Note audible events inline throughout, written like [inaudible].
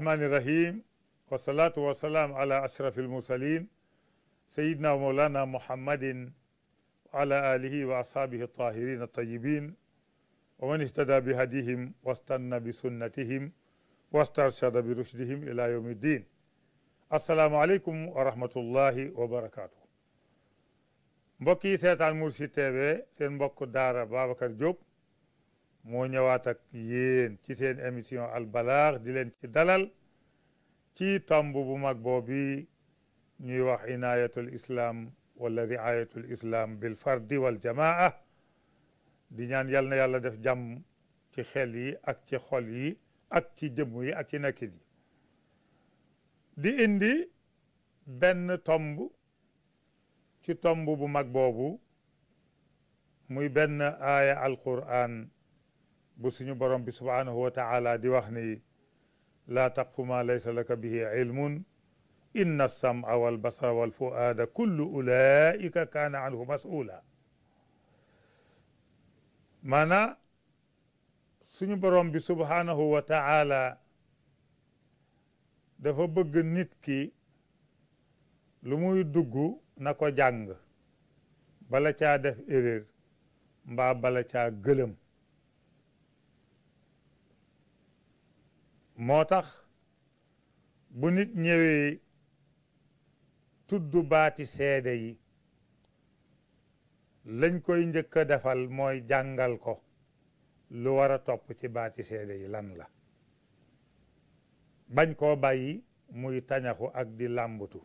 rahmani rahim wasalaatu wasalaam ala ashrafil mursalin sayidna wa mawlana muhammadin wa ala alihi wa ashaabihi tahirin atayibin wa man ihtada bi hadihim wastanna bi sunnatihim wastarshada bi rushdihim ila yawmi ddin assalaamu aleykum wa rahmatullahi wa barakaatu mbokk yi seetaan Mourchid TV seen mbokk daara Babacar Diop moo ñëwaat ak ci seen émission albalaax di leen ci dalal ci tomb bu mag boobu ñuy wax inaayatul islam wala riayatul islam bil fardi wal jamaa di ñaan yal na yàlla def jàmm ci xel yi ak ci xol yi ak ci jëmm yi ak ci nekkin di indi benn tomb ci tomb bu mag boobu muy benn aaya alquran bu suñu borom bi subhaanahu wa taala di wax ni laa taqfu maa laysa laka bihi ilmun inna alsam'a walbasara walfuaada kullu ulaika kaana anhu mas'uula maanaa suñu borom bi subhaanahu wa taala dafa bëgg nit ki lu muy dugg na ko jàng bala caa def erreur mbaa moo tax bu nit ñëwee tudd baati seede yi lañ koy njëkk defal mooy jàngal ko lu war a topp ci baati seede yi lan la bañ koo bàyyi muy tañaxu ak di làmbatu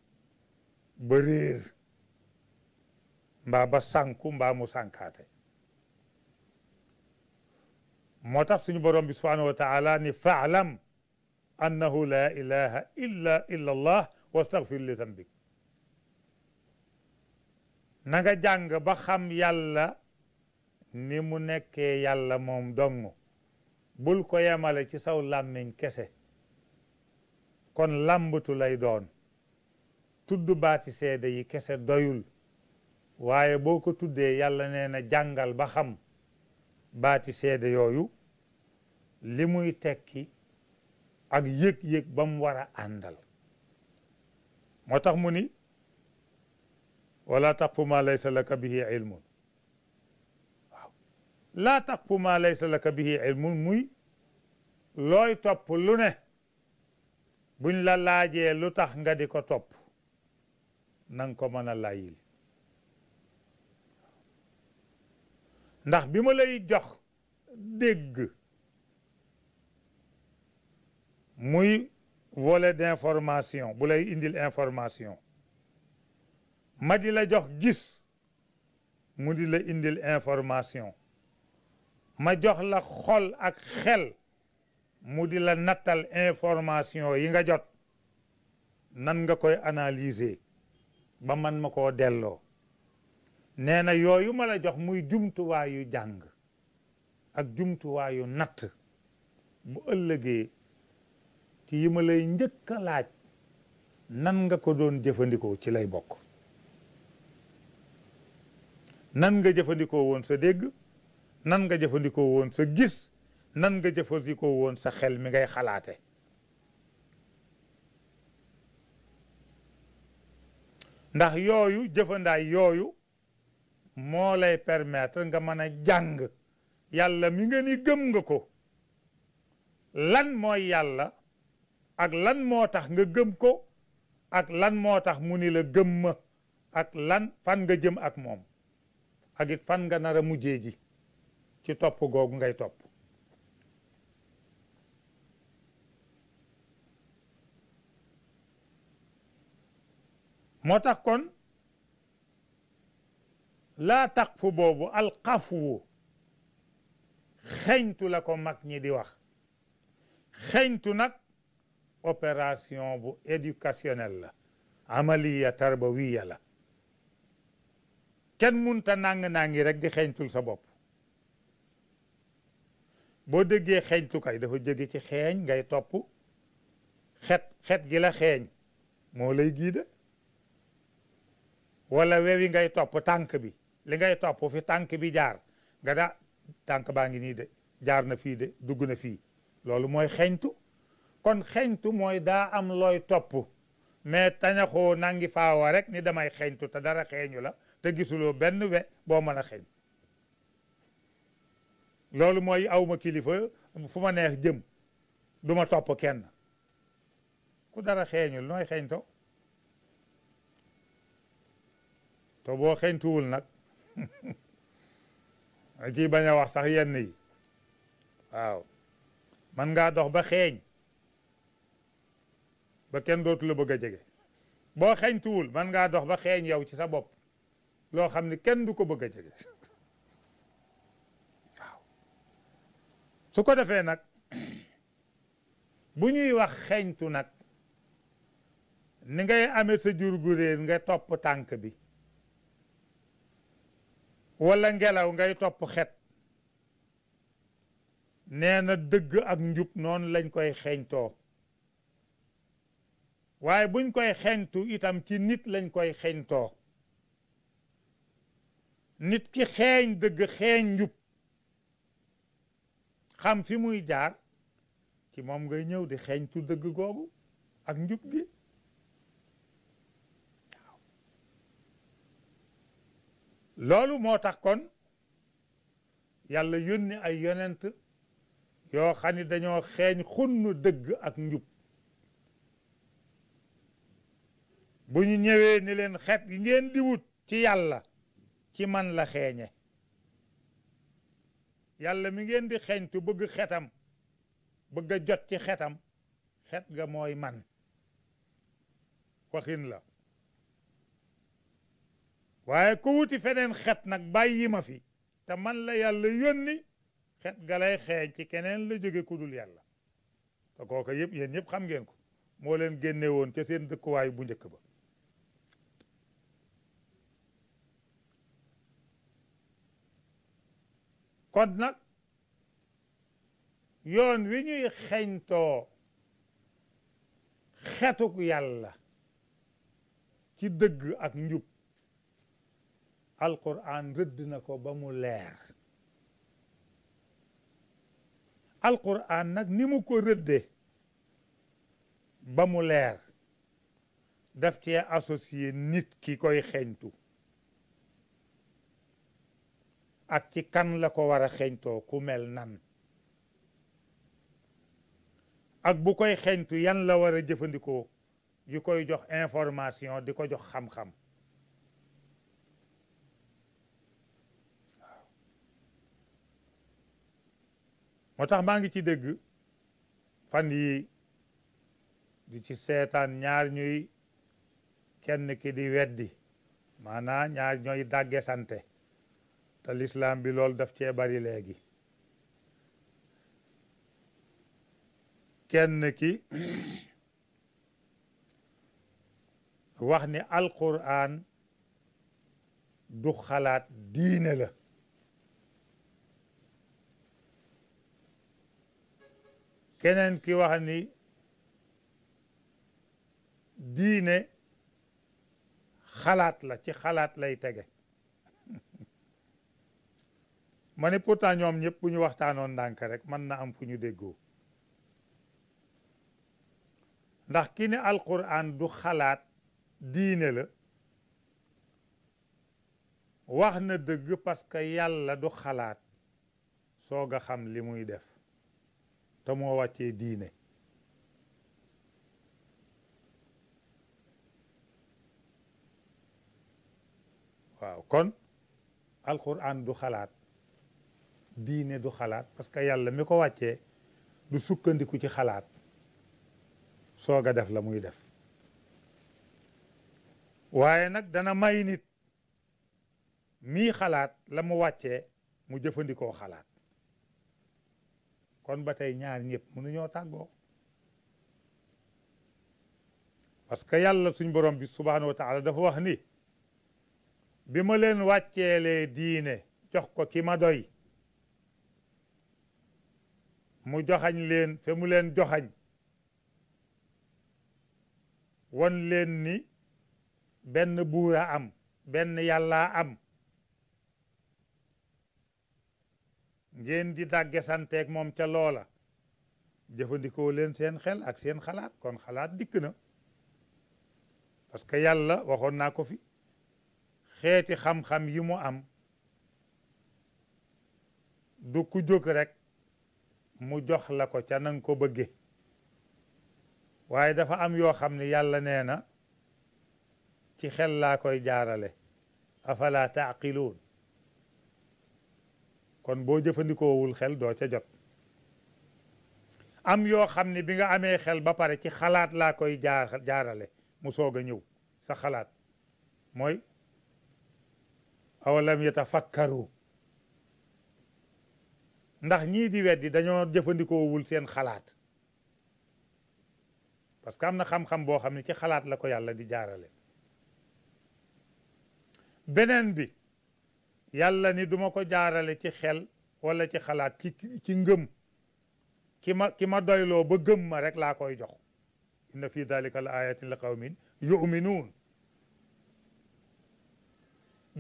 ba réer mbaa ba sànku mbaa mu sànkaate moo tax suñu borom bi subhanahu wa taala ni faalam annahu laa ilaha illa illa allah wastaghfir li zambik na nga jàng ba xam yàlla ni mu nekke yàlla moom dong bul ko yemale ci saw làmmiñ kese kon làmbatu lay doon tudd baati seede yi kese doyul waaye boo ko tuddee yàlla nee na jàngal ba xam baati seede yooyu li muy tekki ak yëg-yëg ba mu wara a àndal moo tax mu ni wala taqfu ma laysa laka bihi ilmun laa taqfu ma laysa laka bihi ilmun muy looy topp lu ne buñ la laajee lu tax nga di ko topp na ko mën a layil ndax bi ma lay jox dégg muy volet d'information bu lay indil information ma di la jox gis mu di la indil information ma jox la xol ak xel mu di la nattal information yi nga jot nan nga koy analyser ba man ma ko delloo nee na yooyu ma la jox muy jumtuwaayu jàng ak jumtuwaayu natt bu ëllëgee ci yi ma lay njëkk laaj nan nga ko doon jëfandikoo ci lay bokk nan nga jëfandikoo woon sa dégg nan nga jëfandikoo woon sa gis nan nga jëfandikoo woon sa xel mi ngay xalaate ndax yooyu jëfandaay yooyu moo lay permettre nga mën a jàng yàlla mi nga ni gëm nga ko lan mooy yàlla ak lan moo tax nga gëm ko ak lan moo tax mu ni la gëmma ak lan fan nga jëm ak moom ak fan nga nar a mujjee ji ci topp googu ngay topp moo tax kon laa tax fu boobu alqafwu xeñtu la ko mag ñi di wax xeñtu nag opération bu éducationnelle la amaliya tarbawiya la kenn munta nàng-nàngi rek di xeeñtul sa bopp boo déggee xeeñtu kay dafa jóge ci xeeñ ngay topp xet xet gi la xeeñ moo lay giida wala wewi ngay topp tànk bi li ngay topp fi tànk bi jaar nga daa ah, tànk baa ngi nii de jaar na fii de dugg na fii loolu mooy xeeñtu kon xeñtu mooy daa am looy topp mais tañaxoo nangi faawa rek ni damay xeñtu te dara xeeñu la te gisuloo benn we boo mën a xeñ loolu mooy awma kilifa fu ma neex jëm du ma topp kenn ku dara xeeñul nooy xeñto te boo xeñtuwul nag [laughs] a ciy bañ a wax sax yenn yi waaw man ngaa dox ba xeeñ ba kenn dootu la bëgg a jege boo xeeñtuwul man ngaa dox ba xeeñ yow ci sa bopp loo xam ni kenn du ko bëgg a jege su ko defee nag bu ñuy wax xeeñtu nag ni ngay ame sa jur gu nga topp tànk bi wala ngelaw ngay topp xet nee na dëgg ak njub noonu lañ koy xeeñtoo waaye buñ koy xentu itam ci nit lañ koy xeñtoo nit ki xeeñ dëgg xeeñ njub xam fi muy jaar ci moom ngay ñëw di xeeñtu dëgg googu ak njub gi loolu moo tax kon yàlla yun ni ay yonent yoo xam ni dañoo xeeñ xunn dëgg ak njub bu ñu ñëwee ni leen xet gi ngeen di wut ci yàlla ci man la xeeñe yàlla mi ngeen di xeeñtu bëgg xetam bëgg a jot ci xetam xet ga mooy man waxin la waaye ku wuti feneen xet nag bàyyi ma fi te man la yàlla yónni xet ga lay xeeñ ci keneen la jóge ku yàlla te kooka yëpp yéen ñëpp xam ngeen ko moo leen génne woon ca seen dëkkuwaay bu njëkk ba kon nag yoon wi ñuy xeñtoo xetuk yàlla ci dëgg ak njub alquran rëdd na ko ba mu leer alquran nag ni mu ko rëdde ba mu leer daf cee associé nit ki koy xeñtu ak ci kan la ko war a xeñtoo ku mel nan ak bu koy xeñtu yan la war a jëfandikoo yu koy jox information di ko jox xam-xam moo tax maa ngi ci dégg fan yi di ci seetaan ñaar ñuy kenn ki di weddi maanaam ñaar ñooy dàgge te lislaam bi loolu daf cee bari léegi kenn ki [clears throat] wax ni alquran du xalaat diine la keneen ki wax ni diine xalaat la ci xalaat lay tege ma ne pourtant ñoom ñëpp bu ñu waxtaanoon ndànk rek mën na am fu ñu déggoo ndax ki ne alquran du xalaat diine la wax na dëgg parce que yàlla du xalaat soog a xam li muy def te moo wàccee diine waaw kon alquran du xalaat diine du xalaat parce que yàlla mi ko wàccee du sukkandiku ci xalaat soog a def la muy def waaye nag dana may nit mii xalaat la mu wàccee mu jëfandikoo xalaat kon ba tey ñaar ñëpp mënuñoo tàggoo parce que yàlla suñ borom bi subhaanahu wa dafa wax ni bi ma leen wàcceelee diine jox ko ki ma doy mu joxañ leen fe mu leen joxañ won leen ni benn buura am benn yàlla am ngeen di dàgge santeeg moom ca loola jëfandikoo leen seen xel ak seen xalaat kon xalaat dikk na parce que yàlla waxoon naa ko fi xeeti xam-xam yi mu am du ku jóg rek mu jox la ko ca nang ko bëgge waaye dafa am yoo xam ne yàlla nee na ci xel laa koy jaarale afala taaqiluun kon boo jëfandikoowul xel doo ca jot am yoo xam ne bi nga amee xel ba pare ci xalaat laa koy jaar jaarale mu soog a ñëw sa xalaat mooy awalam yatafakkaru ndax ñii di weddi dañoo jëfandikoowul seen xalaat parce que am na xam-xam boo xam ne ci xalaat la ko yàlla di jaarale beneen bi yàlla ni duma ko jaarale ci xel wala ci xalaat ci ci ngëm ki ma ki ma doyloo ba gëm rek laa koy jox inna fi dalika la ayatin li qawmin yuminuun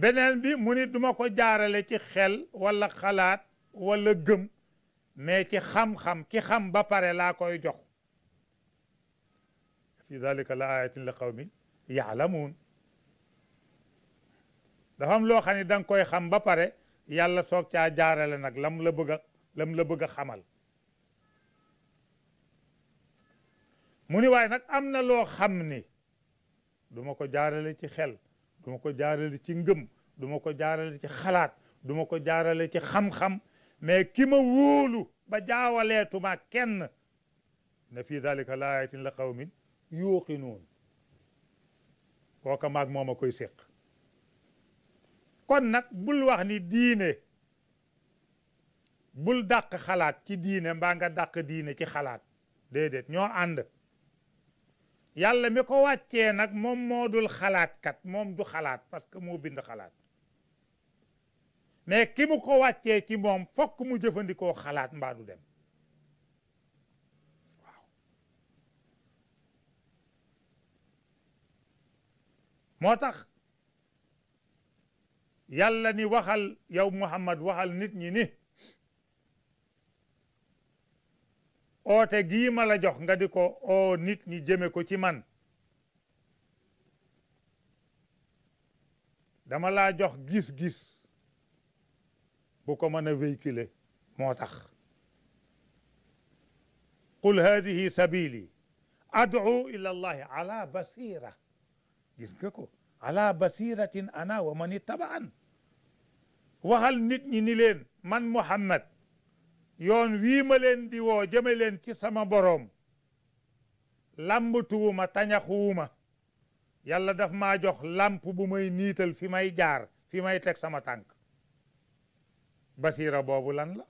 beneen bi mu ni duma ko jaarale ci xel walla xalaat wala gëm mais ci xam-xam ki xam ba pare laa koy jox fi dalika la ayatin li qawmin yaalamuun dafa am loo xam ne da koy xam ba pare yàlla soog caa jaarale nag lam la bëgg a lam la bëgg a xamal mu ni waaye nag am na loo xam ni duma ko jaarale ci xel duma ma ko jaarale ci ngëm duma ma ko jaarale ci xalaat duma ko jaarale ci xam-xam mais ki ma wóolu ba jaawaleetuma kenn na fii dalika la ayatin la yuuxi yuuqinuun kooka maag mooma koy séq kon nag bul wax ni diine bul dàq xalaat ci diine mbaa nga dàq diine ci xalaat déedéet ñoo ànd yàlla mi ko wàccee nag moom moo dul xalaatkat moom du xalaat parce que moo bind xalaat mais ki mu ko wàccee ci moom fokk mu jëfandikoo xalaat mbaa dem waaw moo tax yàlla ni waxal yow Muhammad waxal nit ñi ni oote gii ma jox nga di ko oo nit ñi jëme ko ci man dama laa jox gis-gis bu ko mën a véhiculer moo tax qul hadihi sabili ad'u ila allahi ala basira gis nga ko ala basiratin ana wa man ittaba'an waxal nit ñi ni leen man Muhammad yoon wii ma leen di woo jëme leen ci sama boroom lambatuwuma tañaxuwuma yàlla daf maa jox lamp bu may niital fi may jaar fi may teg sama tànk basiira boobu lan la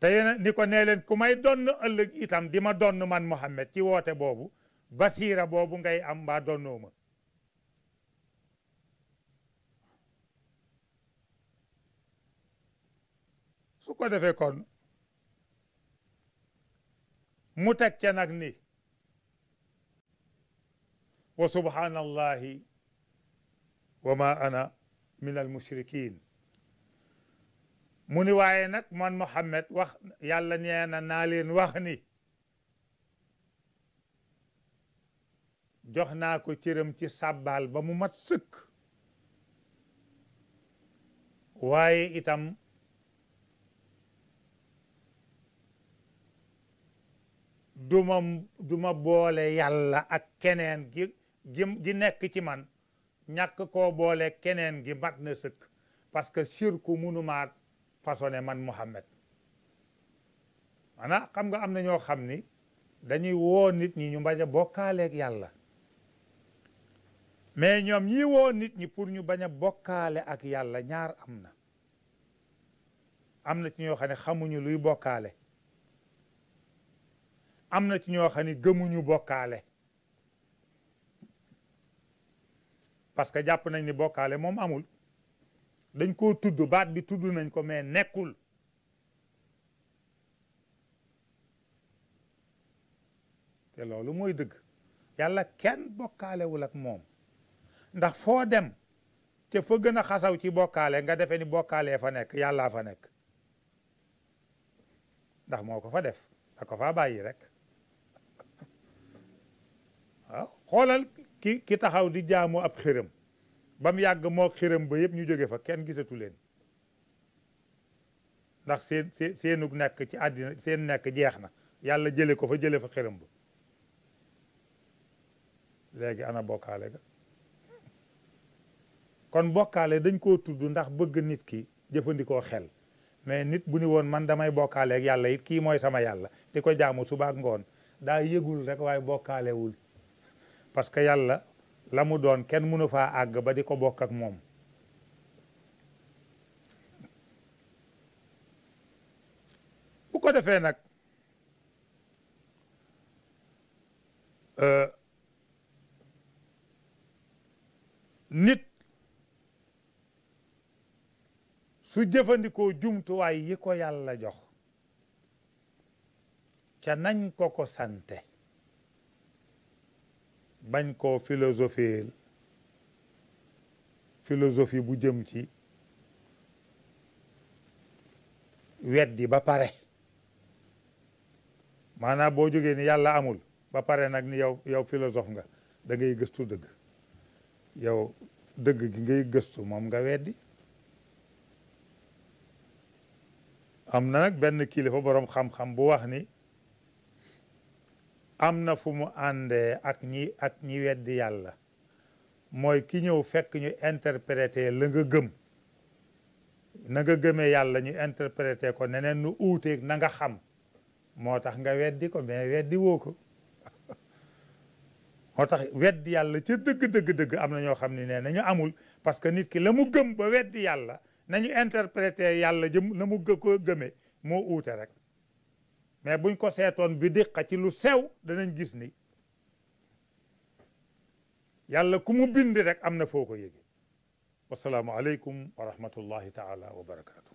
te yéen ni ko nee leen ku may donn ëllëg itam di ma donn man Muhammad ci woote boobu basiira boobu ngay am mbaa donnoo ma su ko defee kon mu teg ca nag ni wa subhaanallahi wa ma ana min al mu ni waaye nag man Muhammad wax yàlla nee na naa leen wax ni jox naa ko cëram ci sàbbaal ba mu mat sëkk waaye itam duma duma boole yàlla ak keneen gi gi nekk ci man ñàkk koo boole keneen gi mat na sëkk parce que sirku munumaa façonné man Muhammad maanaam xam nga am na ñoo xam ni dañuy woo nit ñi ñu bañ a bokkaaleeg yàlla mais ñoom ñi woo nit ñi pour ñu bañ a bokkaale ak yàlla ñaar am na am na ci ñoo xam ne xamuñu luy bokkaale am na ci ñoo xam ne gëmuñu bokkaale parce que jàpp nañ ni bokkaale moom amul dañ koo tudd baat bi tudd nañ ko mais nekkul te loolu mooy dëgg yàlla kenn bokkaalewul ak moom ndax foo dem te fa gën a xasaw ci bokkaale nga defe ni bokkaalee fa nekk yàllaa fa nekk ndax moo ko fa def da ko faa bàyyi rek waaw ki ki taxaw di jaamu ab xërëm ba mu yàgg moo xërëm ba yépp ñu jóge fa kenn gisatu leen ndax seen seen nekk ci àddina seen nekk jeex na yàlla jële ko fa jële fa xërëm ba léegi ana bokkaale ga kon bokkaale dañ koo tudd ndax bëgg nit ki jëfandikoo xel mais nit bu ni woon man damay bokkaale yàlla yit kii mooy sama yàlla di ko jaamu suba ak ngoon daa yëgul rek waaye bokkaalewul parce que yàlla la mu doon kenn mënu faa àgg ba di ko bokk ak moom bu ko defee nag euh, nit su jëfandikoo jumtuwaay yi ko yàlla jox ca nañ ko ko sante bañ koo philosophie philosophie bu jëm ci weddi ba pare maanaam boo jógee ni yàlla amul ba pare nag ni yow yow philosophe nga dangay gëstu dëgg yow dëgg gi ngay gëstu moom nga weddi am na nag benn kilifa boroom xam-xam bu wax ni am na fu mu àndee ak ñi ak ñi weddi yàlla mooy ki ñëw fekk ñu interpréter la nga gëm na nga gëmee yàlla ñu interpréter ko neneen nu uuteeg na nga xam moo tax nga weddi ko mais weddi woo ko [laughs] moo tax weddi yàlla ci dëgg dëgg dëgg am na ñoo xam ne nee nañu amul parce que nit ki la mu gëm ba weddi yàlla nañu interpréter yàlla jëm na mu ko gëmee moo uute rek mais buñ ko seetoon bi diqa ci lu sew danañ gis ni yàlla ku mu bind rek am na foo ko yége wasalaamu aleykum wa rahmatullahi taala wa barakatuh